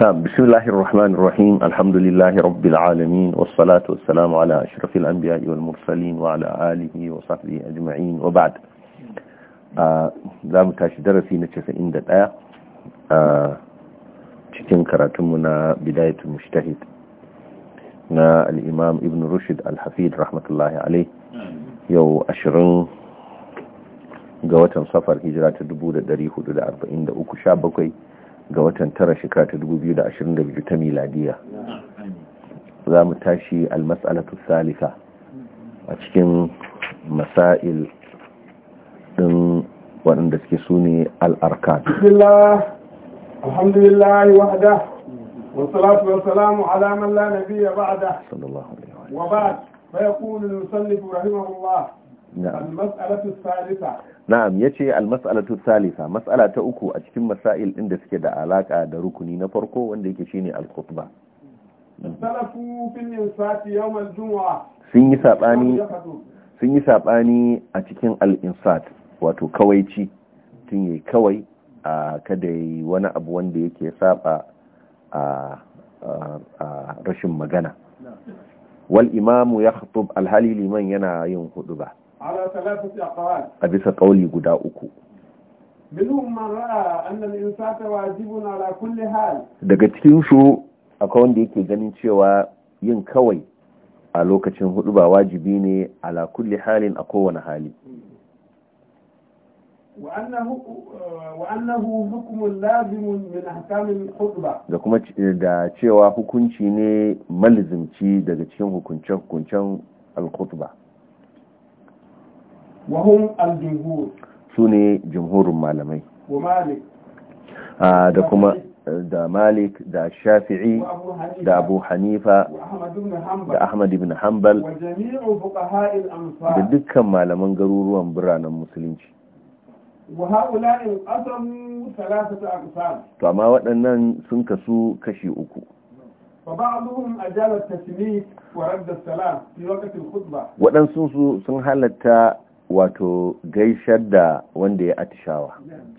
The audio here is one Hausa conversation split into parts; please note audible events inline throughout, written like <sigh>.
بسم الله الرحمن الرحيم الحمد لله رب العالمين والصلاة والسلام على أشرف الأنبياء والمرسلين وعلى آله وصحبه أجمعين وبعد لا متاش درسي نتشف عند الآية تكن كراتمنا بداية المجتهد نا الإمام ابن رشد الحفيد رحمة الله عليه يو أشرن ga watan safar hijira ta 1443 sha bakwai ga watan tara shekara ta 2022 ta miladiya za mu tashi almas'alatu salisa a cikin masail din waɗanda suke su ne al'arka alhamdulillah wahda wasalatu wasalamu ala man la nabiyya ba'da wa ba'd fa yaqulu al na'am ya ce almas'alatu salisa mas'ala ta uku a cikin masail ɗin da suke da alaƙa da rukuni na farko wanda yake shi ne khutba sun yi saɓani a cikin al’insat wato kawaici tun yi kawai a kada yi wani abu wanda yake saba a rashin magana wal'imamu imamu ya khutub alhali liman yana yin hudu ba a bisa ƙauli guda uku daga cikinsu akwai wanda yake ganin cewa yin kawai a lokacin hudu ba wajibi ne ala kulli halin a kowane hali da kuma da cewa hukunci ne malizimci daga cikin hukuncen hukuncen al kutuba wahum al-jumhur su ne jumhurin malamai da kuma da malik da shafi'i da abu hanifa da ahmad ibn hanbal da dukkan malaman garuruwan biranen musulunci to amma waɗannan sun kasu kashi uku فبعضهم أجال التسميت wato gaishar da wanda ya atishawa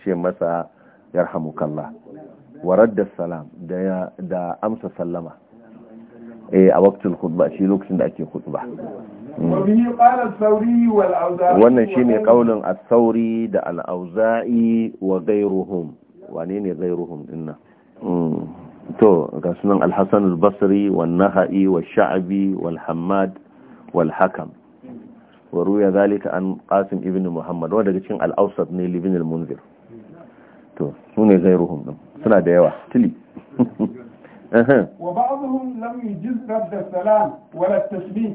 ce masa yarhamukallah warar da salam da amsa sallama eh, a waktul khutba shi lokacin da ake khutba hmm. wannan shi ne ƙaunin a sauri da al-auza'i wa gairuhum wane ne gairuhum dinnan hmm. to ga sunan al basri wa naha'i wa sha'abi wal hammad wal hakam wa zalika an qasim ibn muhammad wanda cikin al ne ibn al-munzir to sune zairuhum din suna da yawa tili <laughs>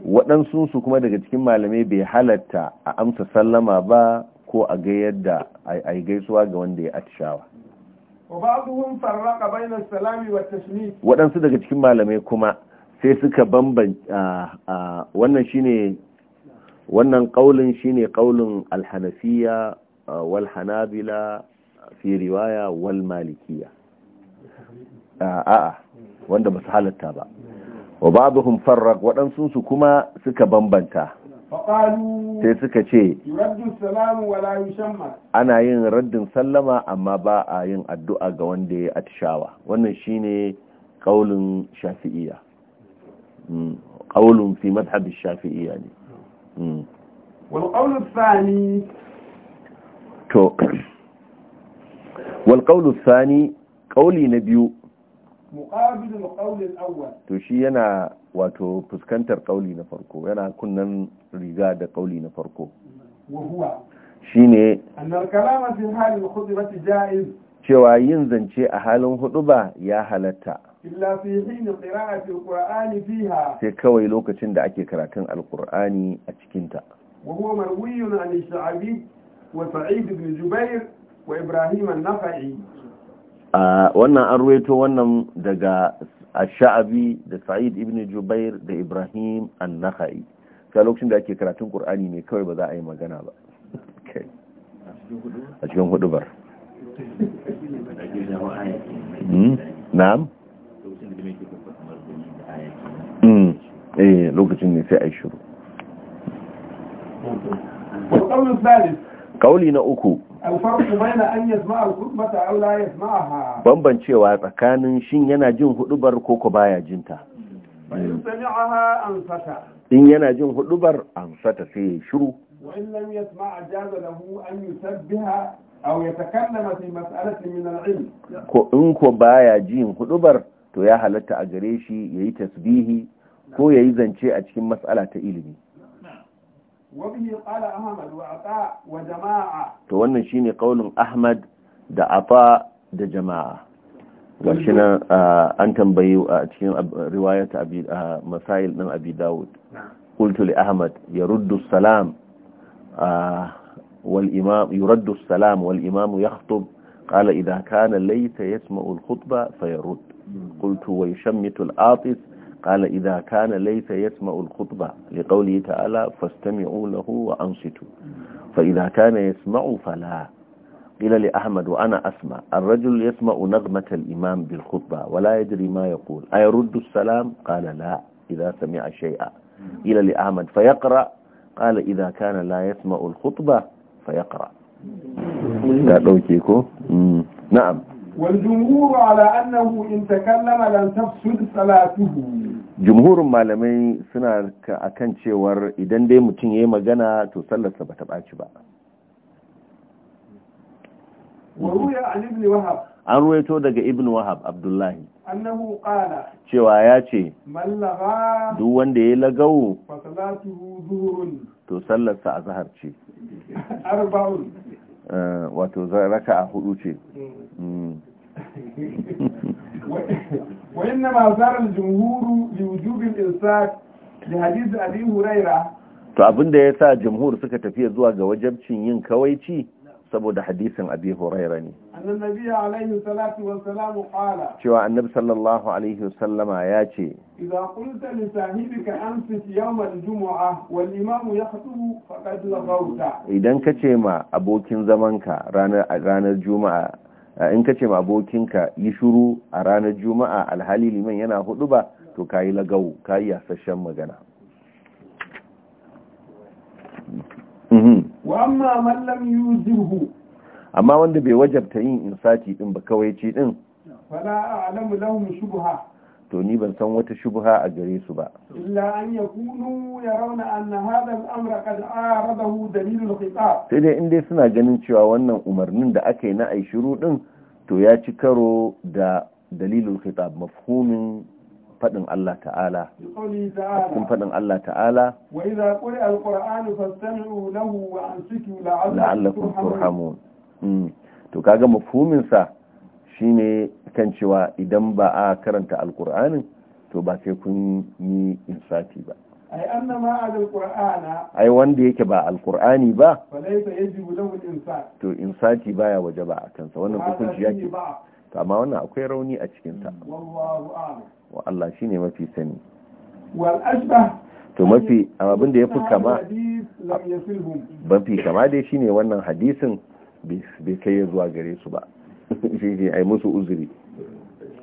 waɗansu su kuma daga cikin malamai bai halatta a amsa sallama ba ko a ga yadda a yi gaisuwa ga wanda ya atishawa waɗansu daga cikin malamai kuma sai suka bambanta wannan shine wannan ƙaulin shine ƙaulin alhanafiya wal hanabila fi riwaya wal malikiya a'a wanda ba su halatta ba wa babuhum farraq waɗansu su kuma suka bambanta sai suka ce ana yin raddin sallama amma ba a yin addu'a ga wanda ya atishawa wannan shine kaulin shafi'iya, kaulin hmm, fi madhhab shafi'iya. ne والقول mm. الثاني to والقول الثاني to shi yana wato fuskantar kauli na farko yana kunnan riga da kauli na farko shine cewa yin zance a halin huɗuba ya halatta illa sai kawai lokacin da ake karatun alkur'ani a cikinta. ta wa ibn wa ibrahim wannan an ruwaito wannan daga shaabi da sa'id ibn jubair da ibrahim an sai lokacin da ake karatun Kur'ani ne kawai ba za a yi magana ba a cikin hudu bar hmm? na'am Hmm. Eh, lokacin ne sai a yi shiru kauli na uku bambancewa tsakanin shin yana jin hudubar ko ko baya jinta in yana jin hudubar sata sai ya shiru Ko in ko baya jin hudubar to ya halatta a gare shi ya yi tasbihi ko ya yi zance a cikin matsala ta ilimi to wannan shi ne ƙaunin ahmad da afa da jama'a gashi nan an tambayi a cikin riwayata masail ɗin abi dawud qultu ahmad ya ruddu salam والإمام يرد السلام والإمام يخطب قال إذا كان ليت يسمع الخطبة فيرد قلت ويشمت العاطس قال إذا كان ليس يسمع الخطبة لقوله تعالى فاستمعوا له وأنصتوا فإذا كان يسمع فلا قيل لأحمد وأنا أسمع الرجل يسمع نغمة الإمام بالخطبة ولا يدري ما يقول أيرد السلام قال لا إذا سمع شيئا قيل لأحمد فيقرأ قال إذا كان لا يسمع الخطبة فيقرأ نعم والجمهور على أنه إن تكلم لم تفسد صلاته jumhurin malamai suna a kan cewar idan dai mutum ya yi magana to sallarsa ba ta ɓaci ba an ruwaito daga ibn wahab abdullahi cewa ya ce duk wanda ya yi lagawo to sallarsa a zahar ce <laughs> eh, wato raka a hudu ce hmm. Hmm. <laughs> وإنما أثار الجمهور لوجوب الإرسال لحديث أبي هريرة to abin da ya sa jamhur suka tafi zuwa ga wajabcin yin kawaici saboda hadisin abi huraira ne salatu, wa cewa annabi sallallahu alaihi wasallama ya ce idan qulta li sahibika amsik yawm al-jum'a wal imam yakhutbu faqad laghawta idan kace ma abokin zamanka ranar ranar juma'a Eh, in ka ce ma abokinka yi shuru a ranar juma'a alhali liman yana hudu ba to ka yi lagawu ka yi yasashen magana mhm. amma wanda bai wajabta yin insati din ba kawai ce din a a'lamu lahum shubha to ni ban san wata shubha a gare su ba illa an yakunu yarawna anna hadha al-amra ara aradahu hu, al-khitab sai dai indai suna ganin cewa wannan umarnin da aka yi na ai shiru din to ya ci karo da dalilul khitab mafhumin fadin Allah ta'ala Kun fadin Allah ta'ala wa idza quri'a al-qur'anu fastami'u lahu wa ansitu la'allakum turhamun mm. to kaga mafhumin sa Shi ne kan cewa idan ba a karanta alkur'anin to ba sai kun yi insati ba ai annama alqur'ana ai wanda yake ba alkur'ani ba insati to insati baya waje ba a kansa wannan hukunci yake to amma wannan akwai rauni a cikin ta mm, wallahu a'lam wa Allah shine mafi sani wal ashbah to mafi abin da yafi kama ba fi kama dai shine wannan hadisin bai kai zuwa gare su ba <laughs> shi a yi musu uzuri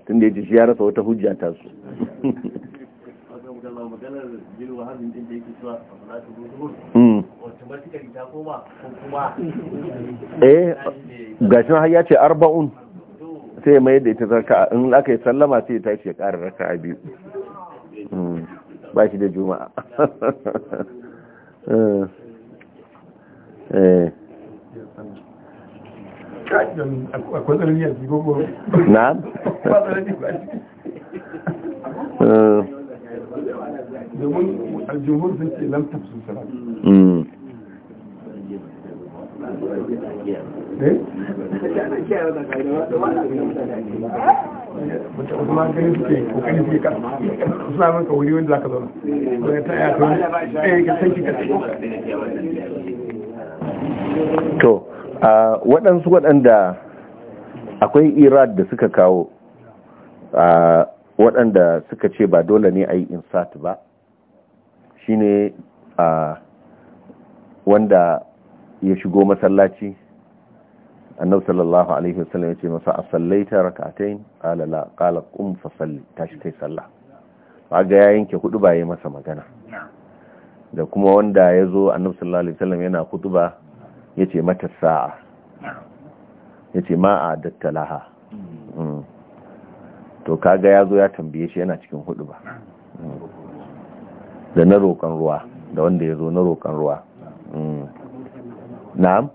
tun da ya ci shi ya rasa wata hujja ta su <laughs> eh, gashin har ya ce arba'un sai mai da ita zarka in aka yi sallama sai ta ce ƙara raka a biyu hmm, ba shi da juma'a <laughs> eh, eh. akwai tsarni a jigogo na? domin aljihun sun To, waɗansu waɗanda akwai irad da suka kawo waɗanda suka ce ba dole ne a yi insat ba shine wanda ya shigo masallaci annab sallallahu alaihi wasallam ya ce masa a sallaita rakatain qala la qala qum tashi kai sallah ga ya yanke hudu ba yi masa magana da kuma wanda ya zo annab sallallahu alaihi wasallam yana ya ce mata sa'a ya ce ma'a dattalaha mm. to kaga ya zo ya tambaye shi yana cikin hudu ba da na roƙon ruwa da wanda ya zo na roƙon ruwa mm. na'am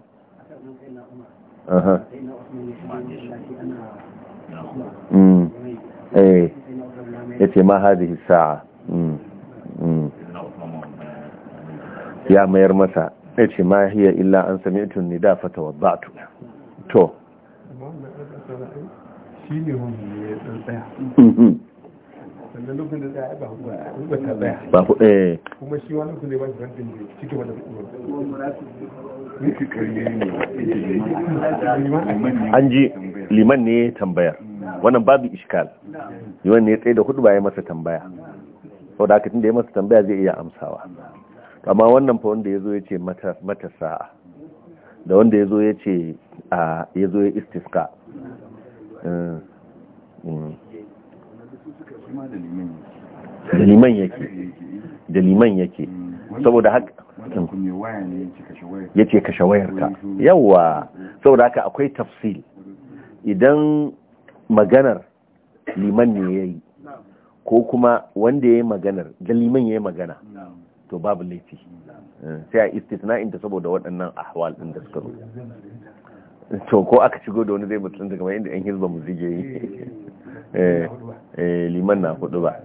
mm. eh. ya ce ma haɗe sa'a ya mayar masa ya ce ma hiyar illa an sami ni mm-hmm. da fata wa ba tu to eh. an ji liman ne tambayar wannan babu iskal liman ne ya tsaye da hudu ba ya masa tambaya sau da haka tun da ya masa tambaya zai iya amsawa amma wannan fa wanda ya zo ya ce matasa da wanda ya zo ya ce ya zo ya istiska eh, mm. da liman yake da liman yake saboda haka ya ce kashe wayarka yawa saboda haka akwai tafsil idan maganar liman ne ya yi ko kuma wanda ya yi maganar da liman ya yi magana to babu laifi eh, sai a istitna'in inda saboda waɗannan ahwal ɗin da suka zo to ko aka shigo da wani zai mutunta kamar inda yan hizba mu zige yi <laughs> eh, eh, liman na hudu ba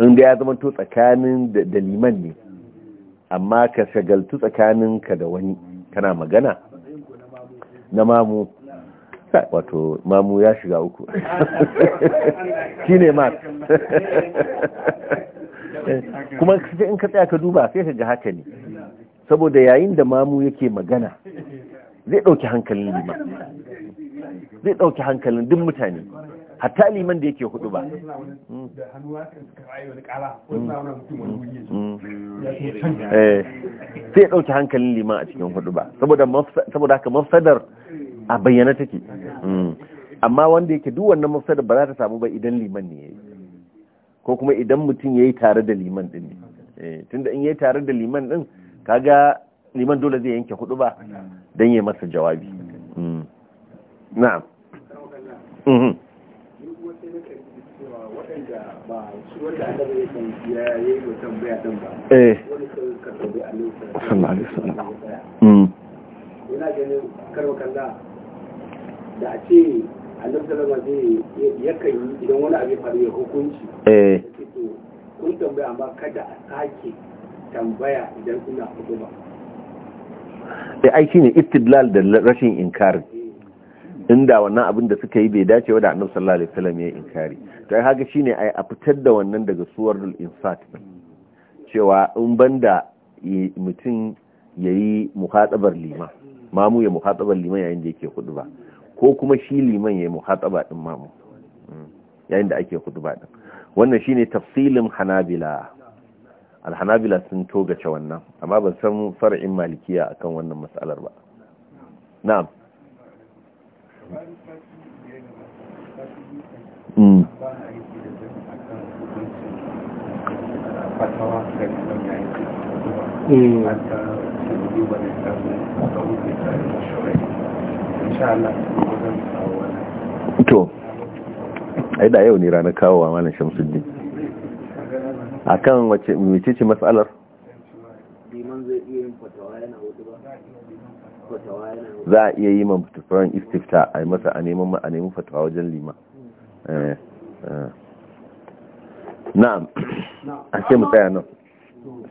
in ya zama to tsakanin da liman ne amma ka shagaltu tsakanin ka da wani kana magana na mamu wato mamu ya shiga uku <laughs> ne mas <laughs> Eh, kuma sai in ka tsaya ka duba sai ka ga haka ne saboda yayin da mamu yake magana zai ɗauki hankalin liman zai ɗauki hankalin duk mutane hatta liman da yake hudu ba sai eh, ɗauki hankalin liman a cikin hudu ba saboda haka mafsadar a bayyana take hmm. amma wanda yake duk wannan mafsadar ba za ta samu ba idan liman ne ya yi ko kuma idan mutum ya yi tare da liman ɗin ne eh, tunda in ya yi tare da liman ɗin kaga liman dole zai yanke hudu ba don ya masa jawabi hmm. na'am hmm. Eh. Hmm. ganin kalla da a ce annabi sallama zai yakan yi idan wani abin ya faru ya hukunci eh kun tambaya amma kada a sake tambaya idan kuna hukuma eh ai shine istidlal da rashin inkari eh. inda wannan abin da suka yi bai dace da annabi sallallahu alaihi wasallam ya inkari to ai haka shine ai a fitar da wannan daga suwarul insat cewa in banda mutum yayi muhatabar liman mamu ya muhatabar liman yayin da yake hudu ba ko kuma shi liman ya yi muhataba din mamu mm. yayin da ake hudu din wannan shi ne tafsilin hanabila alhanabila sun togace wannan amma ban san fara'in malikiya akan wannan matsalar ba na'am Mm. mm. to ai da yau ne ranar kawowa malam shamsuddin akan wace mece ce matsalar za a iya yi man fatafaran istifta a yi masa a neman a neman fatawa wajen lima eh, eh. na'am a ce mu tsaya nan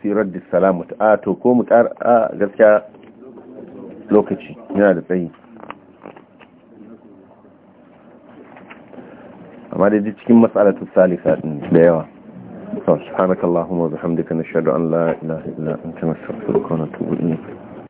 sirar disalamu salamu a to ko mu tsara a gaskiya lokaci yana da tsayi amma da duk cikin matsalatu salisa din da yawa subhanakallahumma wa bihamdika nashhadu an la ilaha illa anta nastaghfiruka wa natubu ilayk